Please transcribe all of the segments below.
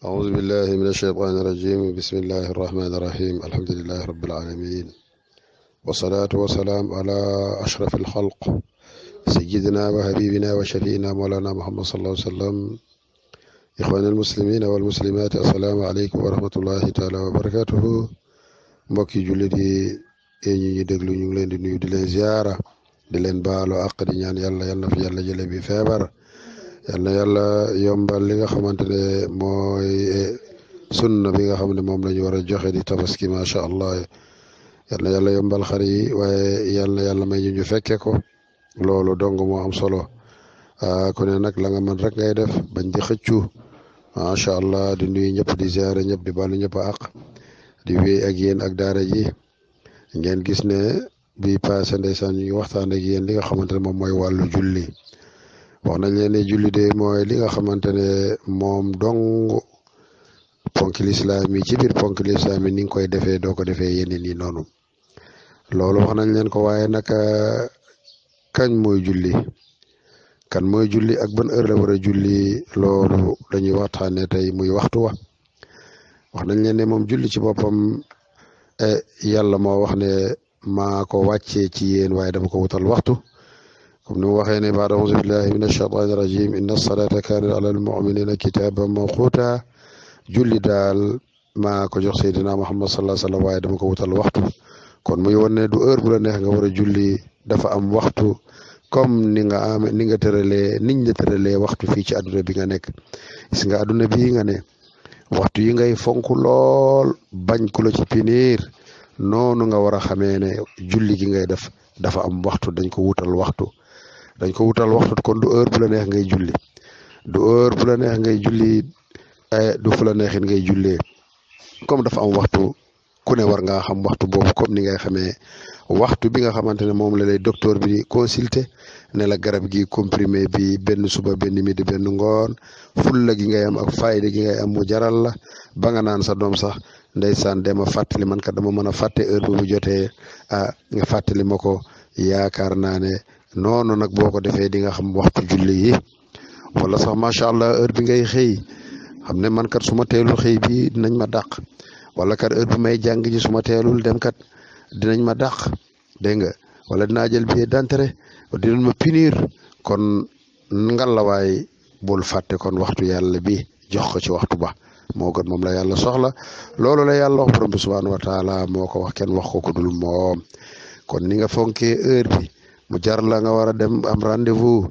أعوذ بالله من الشيطان الرجيم بسم الله الرحمن الرحيم الحمد لله رب العالمين والصلاة والسلام على أشرف الخلق سيدنا وحبيبنا وشفينا مولانا محمد صلى الله عليه وسلم إخوان المسلمين والمسلمات السلام عليكم ورحمة الله تعالى وبركاته mbokki jullit yi ñu ñi déglu ñu ngi leen di nuyu di leen ziyaara di leen baalu àq di ñaan yàlla yal na fi yàlla jële bi feebar yal na yàlla yombal li nga xamante ne mooy eh, sunna bi nga xam ne moom la ñu war a joxe di tabaski macha allah yal na yàlla yombal xar yi waaye yal yàlla may ñu ñu fekke ko loolu dong moo am solo ah, ku ne nag la nga mën rek ngay def bañ di xëccu macha allah di nuyu ñëpp di ziare ñëpp di baalu ñëpp àq di wéy ak yéen ak daara ji ngeen gis ne bi passé ndeysaan ñu waxtaan ak yéen li nga xamante ne moom mooy wàllu julli. wax nañ leen ne de mooy li nga xamante ne moom dong ponk lislaam yi ci biir ponk lislaam ni nga koy defee doo ko defee yeneen yi noonu loolu wax nañ leen ko waaye naka kañ mooy julli kan mooy julli ak ban heure la war dañuy julli loolu lañuy waxtaane tey muy waxtu wa wax nañ leen ne moom julli ci boppam eh, yàlla moo wax ne maa ko wàccee ci yéen waaye dama ko wutal waxtu comme ni mu waxee ne baada auzu billahi min alshaytaani irajim inna alsalata kaanat ala almuminina kitaaban mawquuta julli daal maa ko jox seydina muhammad sallallahu alayhi wa sallam waaye dama ko wutal waxtu kon muy won ne du heure bu la neex nga war a julli dafa am waxtu comme ni nga am ni nga tëralee niñ la tëralee waxtu fii ci àdduna bi nga nekk gis nga àdduna bi nga ne waxtu yi ngay fonk lool bañ ku la ci piniir noonu nga war a xamee ne julli gi ngay def dafa am waxtu dañ ko wutal waxtu dañ ko wutal waxtu kon du heure bu la neex ngay julli du heure bu la neex ngay julli eh, du fu neex neexit ngay jullee comme dafa am waxtu ku ne war ngaa xam waxtu boobu comme ni ngay xamee waxtu bi nga xamante ne moom la lay docteur bi di consulter ne la garab gi comprimé bi benn suba benn midi benn ngoon fulla gi ngay am ak fayda gi ngay am mu jaral la ba nga naan sa doom sax ndeysaan ma fàttali man kat dama mën a fàtte heure bu bu jotee ah nga fàttali ma ko yaakaar naa ne noonu nag boo ko defee di nga xam waxtu julli yi wala sax macha allah heure bi ngay xëy xam ne man kat su ma teelul xëy bi dinañ ma dàq wala kat heure bi may jàng ji suma ma teelul dem kat dinañ ma dàq dégg nga wala dinaa jël bi d'entrée dinañ ma punir kon ngalawaay bul fàtte kon waxtu yàlla bi jox ko ci waxtu ba moo gën moom la yàlla soxla loolu la yàlla wax borom bi subhaanahu wa taala moo ko wax kenn wax ko ku dul moom kon ni nga fonkee heure bi mu jar la nga war a dem am rendez-vous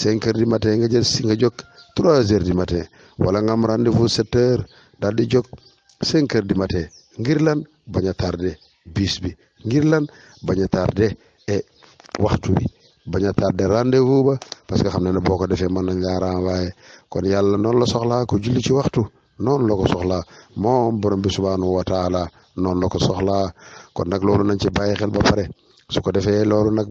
cinq heures du matin nga jël si nga jóg trois heures du matin wala ngam am rendez-vous sept heures daal di jóg cinq heures du matin ngir lan bañ a tardé bis bi ngir lan bañ a tardé et waxtu bi bañ a tardé rendez-vous ba parce que xam na ne boo ko defee mën nañ laa renvoyer kon yàlla noonu la soxlaa ko julli ci waxtu noonu la ko soxlaa moom borom bi subhanahu wa taala noonu la ko soxlaa kon nag loolu nañ ci bàyyi xel ba pare su ko defee loolu nag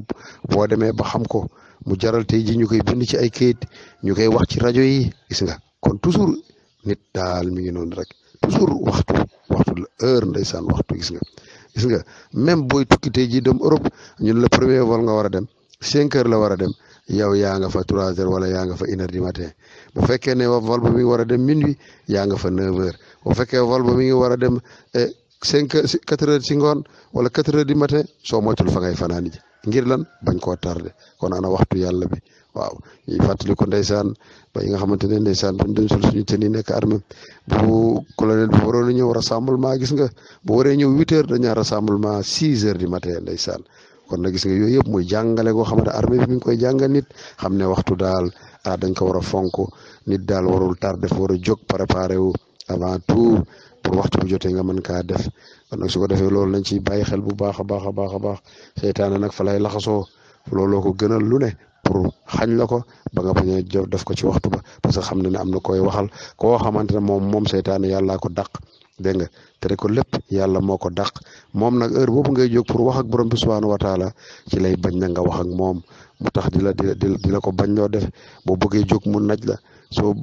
boo demee ba xam ko mu jaral tey ji ñu koy bind ci ay kayit ñu koy wax ci rajo yi gis nga kon toujours nit daal mi ngi noonu rek toujours waxtu waxtu la heure ndeysaan waxtu gis nga gis nga même booy tukki tey jii dem Europe ñun la premier vol nga war a dem cinq heures la war a dem yow yaa nga fa trois heures wala yaa nga fa une heure du matin bu fekkee ne vol ba mi ngi war a dem minuit yaa nga fa neuf bu fekkee vol ba mi ngi war a dem eh, cinq quatre heures ci ngoon wala quatre heures du matin soo moytul fa ngay fanaani ji ngir lan bañ koo tardé kon ana waxtu yàlla bi waaw ñuy fàttali ko ndeysaan ba yi nga xamante ne ndeysaan bañ doon sol suñu tenue nekk armée bu colonel bi a ñëw gis nga bu waree ñëw huit heures dañaa rassemblement six heures du matin ndeysaan kon na gis nga yooyu yëpp muy jàngale ko xam ne armée bi mi ngi koy jàngal nit xam ne waxtu daal ah dañ ko war a fonk nit daal warul tardé dafa war a jóg préparé wu avant tout pour waxtu bu jotee nga mën kaa def kon nag su ko defee loolu lañ ci bàyyi xel bu baax a baax a baax a baax seytaane nag fa lay laxasoo looloo ko gënal lu ne pour xañ la ko ba nga bañ a def ko ci waxtu ba parce que xam na ne am na koy waxal koo xamante ne moom moom seytaane yàllaa ko dàq dégg nga tere ko lépp yàlla moo ko dàq moom nag heure boobu ngay jóg pour wax ak borom bi subhaanahu wa taala ci lay bañ na nga wax ak moom mu tax di la di la di la ko bañ loo def boo bëggee jóg mu naj la soo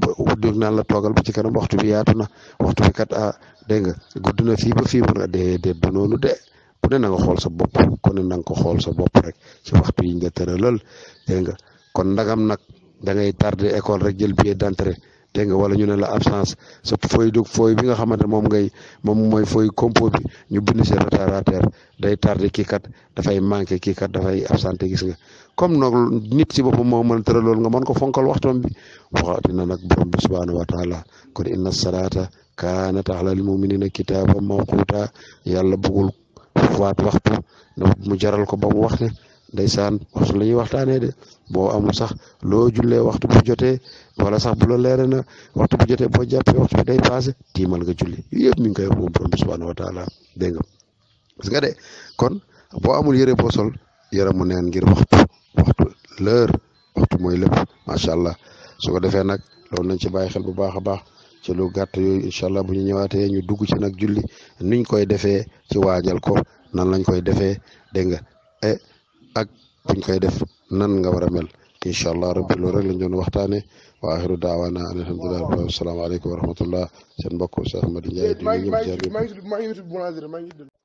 jóg naan la toogal ba ci kanam waxtu bi yaatu na waxtu bi kat ah dégg nga gudd na fii ba fii mun de déedéet noonu de ku ne na nga xool sa bopp ku ne na nga ko xool sa bopp rek ci waxtu yi nga tëralal dégg nga kon ndagam nag da ngay tardé école rek jël billet d'entrée dégg nga wala ñu ne la absence sa fooy dug fooy bi nga xamante moom ngay moom mooy fooy compo ñu bind si retardataire day tardé kii kat dafay manqué kii kat dafay absenté gis nga comme noog nit si boppam moo mën tëral lool nga mën ko fonkal waxtoom bi waxaatina nag borom bi subhaanahu wa taala kon inna salaata kaanat alal muminina kitaaba mawquuta yàlla bëggul faat waxtu mu jaral ko ba mu wax ne ndeysaan su la ñuy waxtaanee de boo amul sax loo jullee waxtu bu jotee wala sax bu leere na waxtu bu jotee boo jàppee waxtu bi day passé tiimal nga julli yëpp mi ngi koy wax moom borom bi subhanahu wa taala dégg nga gis nga de kon boo amul yëre boo sol yëre mu nen ngir waxtu waxtu waxtu mooy lépp macha allah su ko defee nag loolu nañ ci bàyyi xel bu baax a baax ci lu gàtt yooyu incha allah bu ñu ñëwaatee ñu dugg ci nag julli niñ koy defee ci waajal ko nan lañ koy defee dégg nga eh, ak buñ koy def nan nga war a mel incha allah rabbi loolu rek lañ doon waxtaane wa axiru daawaana an alhamdulilah rabbil asalaamaaleykum wa rahmatullah seen mbokk Cheikh Ahmed Ndiaye di ñëpp